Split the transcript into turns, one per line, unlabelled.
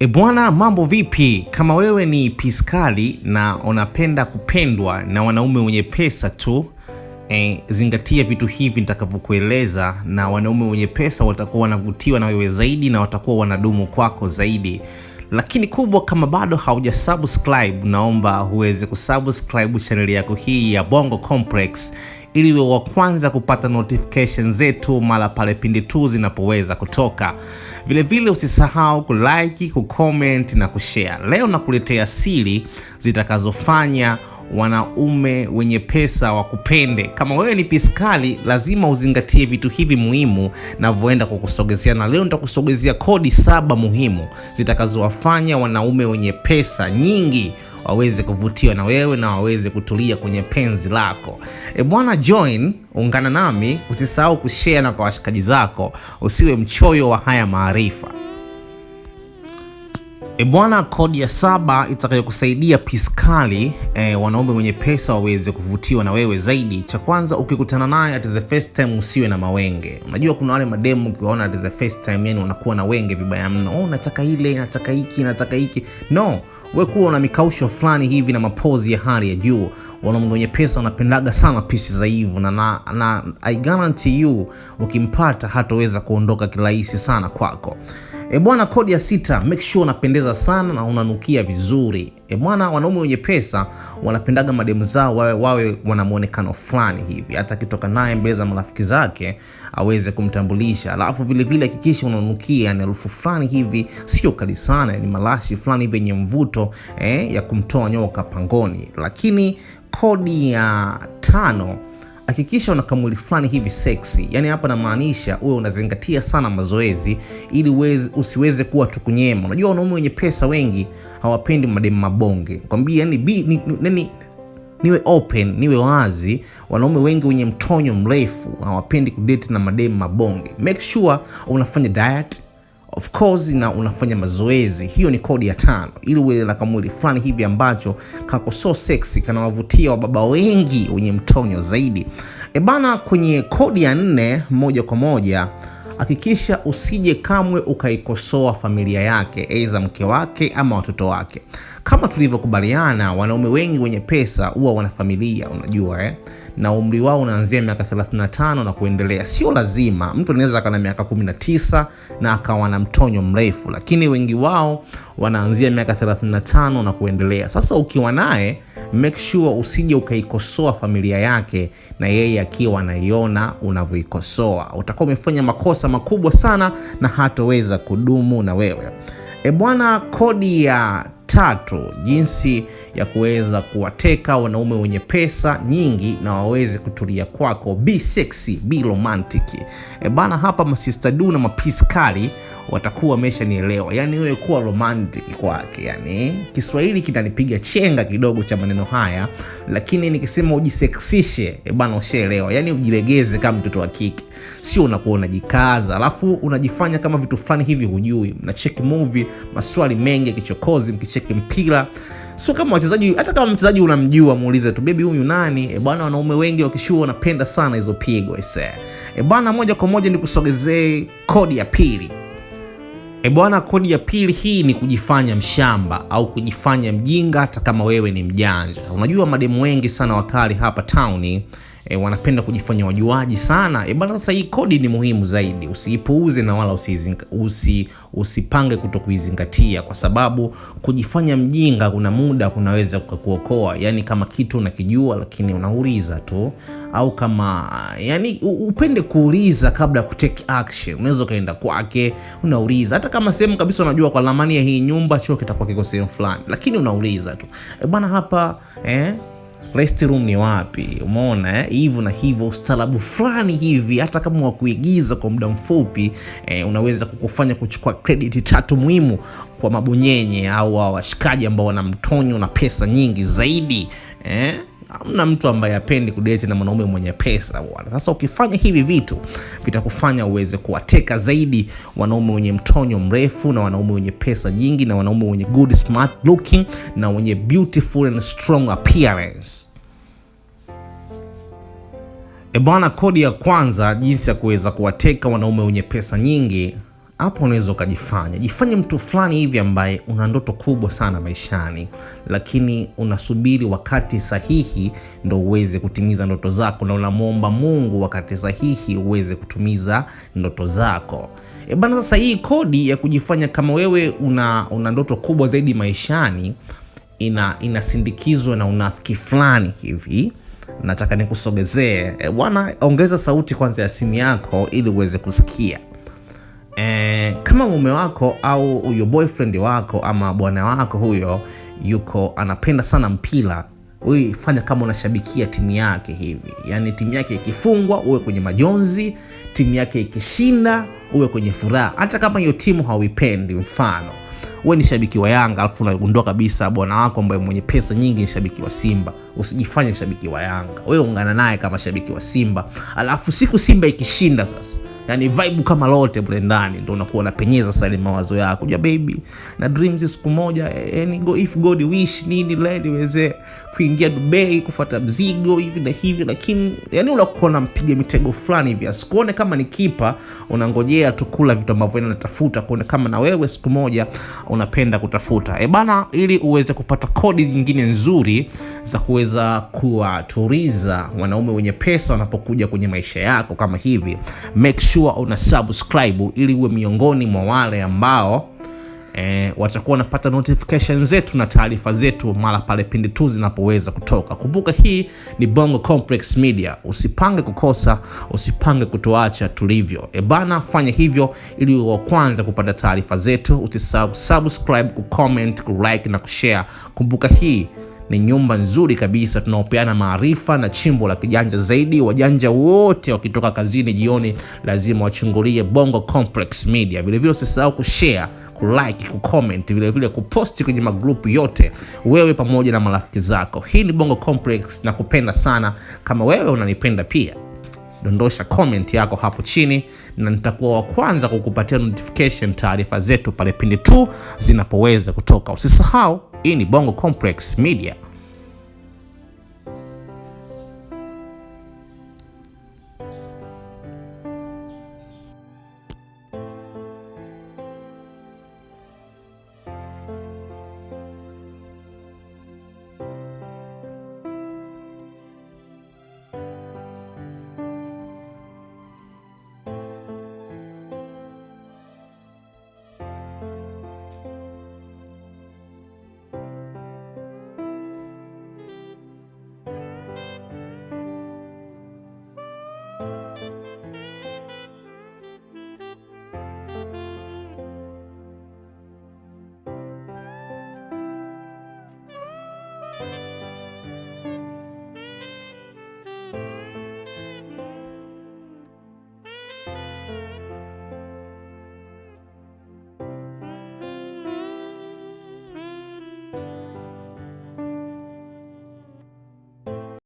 E bwana, mambo vipi? Kama wewe ni piskali na unapenda kupendwa na wanaume wenye pesa tu e, zingatia vitu hivi nitakavyokueleza, na wanaume wenye pesa watakuwa wanavutiwa na wewe zaidi na watakuwa wanadumu kwako zaidi. Lakini kubwa, kama bado hauja subscribe, naomba huweze kusubscribe chaneli yako hii ya Bongo Complex ili uwe wa kwanza kupata notification zetu mara pale pindi tu zinapoweza kutoka. Vilevile usisahau kulike, kucomment na kushare. Leo nakuletea siri zitakazofanya wanaume wenye pesa wakupende. Kama wewe ni piskali, lazima uzingatie vitu hivi muhimu navyoenda kukusogezea, na leo nitakusogezea kodi saba muhimu zitakazowafanya wanaume wenye pesa nyingi waweze kuvutiwa na wewe na waweze kutulia kwenye penzi lako. E bwana, join ungana nami, usisahau kushare na kwa washikaji zako, usiwe mchoyo wa haya maarifa. E bwana, kodi ya saba itakayokusaidia piskali e, wanaume wenye pesa waweze kuvutiwa na wewe zaidi. Cha kwanza, ukikutana naye at the first time usiwe na mawenge. Unajua kuna wale mademu ukiwaona at the first time, yani wanakuwa na wenge vibaya mno. Oh, nataka ile, nataka hiki, nataka hiki. No we kuwa na mikausho fulani hivi na mapozi ya hali ya juu. Wanaume wenye pesa wanapendaga sana pisi za hivu na, na, na I guarantee you ukimpata hataweza kuondoka kirahisi sana kwako. E bwana, kodi ya sita, make sure unapendeza sana na unanukia vizuri. E bwana, wanaume wenye pesa wanapendaga mademu zao wawe, wawe wana muonekano fulani hivi, hata akitoka naye mbele za marafiki zake aweze kumtambulisha. Alafu vilevile hakikisha unanukia na harufu fulani hivi, sio kali sana, ni marashi fulani hivi yenye mvuto eh, ya kumtoa nyoka pangoni. Lakini kodi ya tano hakikisha una kamwili fulani hivi sexy. Yani hapa namaanisha uwe unazingatia sana mazoezi ili uwezi, usiweze kuwa tukunyema. Unajua wanaume wenye pesa wengi hawapendi mademu mabonge. Kwambia yani bi, ni, ni, ni, yaani niwe open niwe wazi, wanaume wengi wenye mtonyo mrefu hawapendi kudate na mademu mabonge. Make sure unafanya diet Of course na unafanya mazoezi, hiyo ni kodi ya tano, ili uwe na kamwili fulani hivi ambacho kako so sexy, kanawavutia wababa wengi wenye mtonyo zaidi. E bana, kwenye kodi ya nne, moja kwa moja hakikisha usije kamwe ukaikosoa familia yake, aidha mke wake ama watoto wake. Kama tulivyokubaliana, wanaume wengi wenye pesa huwa wana familia, unajua eh? na umri wao unaanzia miaka 35 na kuendelea. Sio lazima mtu anaweza na miaka 19 na akawa na mtonyo mrefu, lakini wengi wao wanaanzia miaka 35 na kuendelea. Sasa ukiwa naye, make sure usije ukaikosoa familia yake na yeye akiwa anaiona unavyoikosoa, utakuwa umefanya makosa makubwa sana na hatoweza kudumu na wewe. E bwana, kodi ya Tatu, jinsi ya kuweza kuwateka wanaume wenye pesa nyingi na waweze kutulia kwako. Be sexy, be romantic. E bana, hapa masista du na mapiskali watakuwa wameshanielewa. Yani wewe kuwa romantic kwake. Yani Kiswahili kinanipiga chenga kidogo cha maneno haya, lakini nikisema ujiseksishe, e bana, ushaelewa. Yani ujilegeze kama mtoto wa kike, sio unakuwa unajikaza alafu unajifanya kama vitu fulani hivi hujui. Mnacheki movie, maswali mengi ya kichokozi, mkicheki mpira So kama wachezaji, hata kama mchezaji unamjua, muulize tu baby, huyu nani? E bwana, wanaume wengi wakishua wanapenda sana hizo pigo ise. E eh, bwana, moja kwa moja nikusogezee kodi ya pili. E bwana, kodi ya pili hii ni kujifanya mshamba au kujifanya mjinga, hata kama wewe ni mjanja. Unajua mademu wengi sana wakali hapa town e, wanapenda kujifanya wajuaji sana e, bana. Sasa hii kodi ni muhimu zaidi, usiipuuze na wala usizinga, usi, usipange kuto kuizingatia, kwa sababu kujifanya mjinga kuna muda kunaweza kukuokoa. Yani kama kitu unakijua lakini unauliza tu, au kama yani upende kuuliza kabla ya kutake action. Unaweza ukaenda kwake unauliza, hata kama sehemu kabisa unajua kwa lamani ya hii nyumba choo kitakuwa kiko sehemu fulani, lakini unauliza tu e, bana hapa eh restroom ni wapi? Umeona eh? hivyo Na hivyo ustarabu fulani hivi, hata kama wakuigiza kwa muda mfupi eh, unaweza kukufanya kuchukua credit tatu muhimu kwa mabonyenye au washikaji ambao wana mtonyo na pesa nyingi zaidi eh? Hamna mtu ambaye apendi kudeti na mwanaume mwenye pesa bwana. Sasa ukifanya hivi vitu vitakufanya uweze kuwateka zaidi wanaume wenye mtonyo mrefu na wanaume wenye pesa nyingi na wanaume wenye good smart looking na wenye beautiful and strong appearance. E bwana, kodi ya kwanza, jinsi ya kuweza kuwateka wanaume wenye pesa nyingi hapo unaweza ukajifanya jifanye mtu fulani hivi ambaye una ndoto kubwa sana maishani, lakini unasubiri wakati sahihi ndo uweze kutimiza ndoto zako, na unamwomba Mungu wakati sahihi uweze kutimiza ndoto zako. E bana, sasa hii kodi ya kujifanya kama wewe una, una ndoto kubwa zaidi maishani ina inasindikizwa na unafiki fulani hivi. Nataka nikusogezee e bwana, ongeza sauti kwanza ya simu yako ili uweze kusikia eh, kama mume wako au huyo boyfriend wako ama bwana wako huyo yuko anapenda sana mpira, wewe fanya kama unashabikia timu yake hivi, yaani timu yake ikifungwa uwe kwenye majonzi, timu yake ikishinda uwe kwenye furaha, hata kama hiyo timu hauipendi. Mfano we ni shabiki wa Yanga alafu unagundua kabisa bwana wako ambaye mwenye pesa nyingi ni shabiki wa Simba, usijifanye shabiki wa Yanga, wewe ungana naye kama shabiki wa Simba, alafu siku Simba ikishinda sasa yani vibe kama lote mle ndani, ndio unakuwa unapenyeza sasa ile mawazo yako, ja baby na dreams siku moja, yani go if God wish nini leo niweze kuingia Dubai kufuata mzigo hivi na hivi, lakini yani unakuwa unampiga mitego fulani hivi, asikuone kama ni kipa, unangojea tu kula vitu ambavyo anatafuta, kuone kama na wewe siku moja unapenda kutafuta. E bana, ili uweze kupata kodi nyingine nzuri za kuweza kuwaturiza wanaume wenye pesa wanapokuja kwenye maisha yako kama hivi, make sure sure una subscribe ili uwe miongoni mwa wale ambao E, watakuwa wanapata notification zetu na taarifa zetu mara pale pindi tu zinapoweza kutoka. Kumbuka hii ni Bongo Complex Media, usipange kukosa, usipange kutoacha tulivyo. E bana, fanya hivyo ili wa kwanza kupata taarifa zetu. Usisahau kusubscribe, kucomment, kulike na kushare. Kumbuka hii ni nyumba nzuri kabisa, tunaopeana maarifa na chimbo la kijanja zaidi. Wajanja wote wakitoka kazini jioni lazima wachungulie Bongo Complex Media. Vilevile usisahau kushare, kulike, kucomment, vilevile kuposti kwenye magrupu yote, wewe pamoja na marafiki zako. Hii ni Bongo Complex na kupenda sana kama wewe unanipenda pia. Dondosha comment yako hapo chini na nitakuwa wa kwanza kukupatia notification taarifa zetu pale pindi tu zinapoweza kutoka. Usisahau hii ni Bongo Complex Media.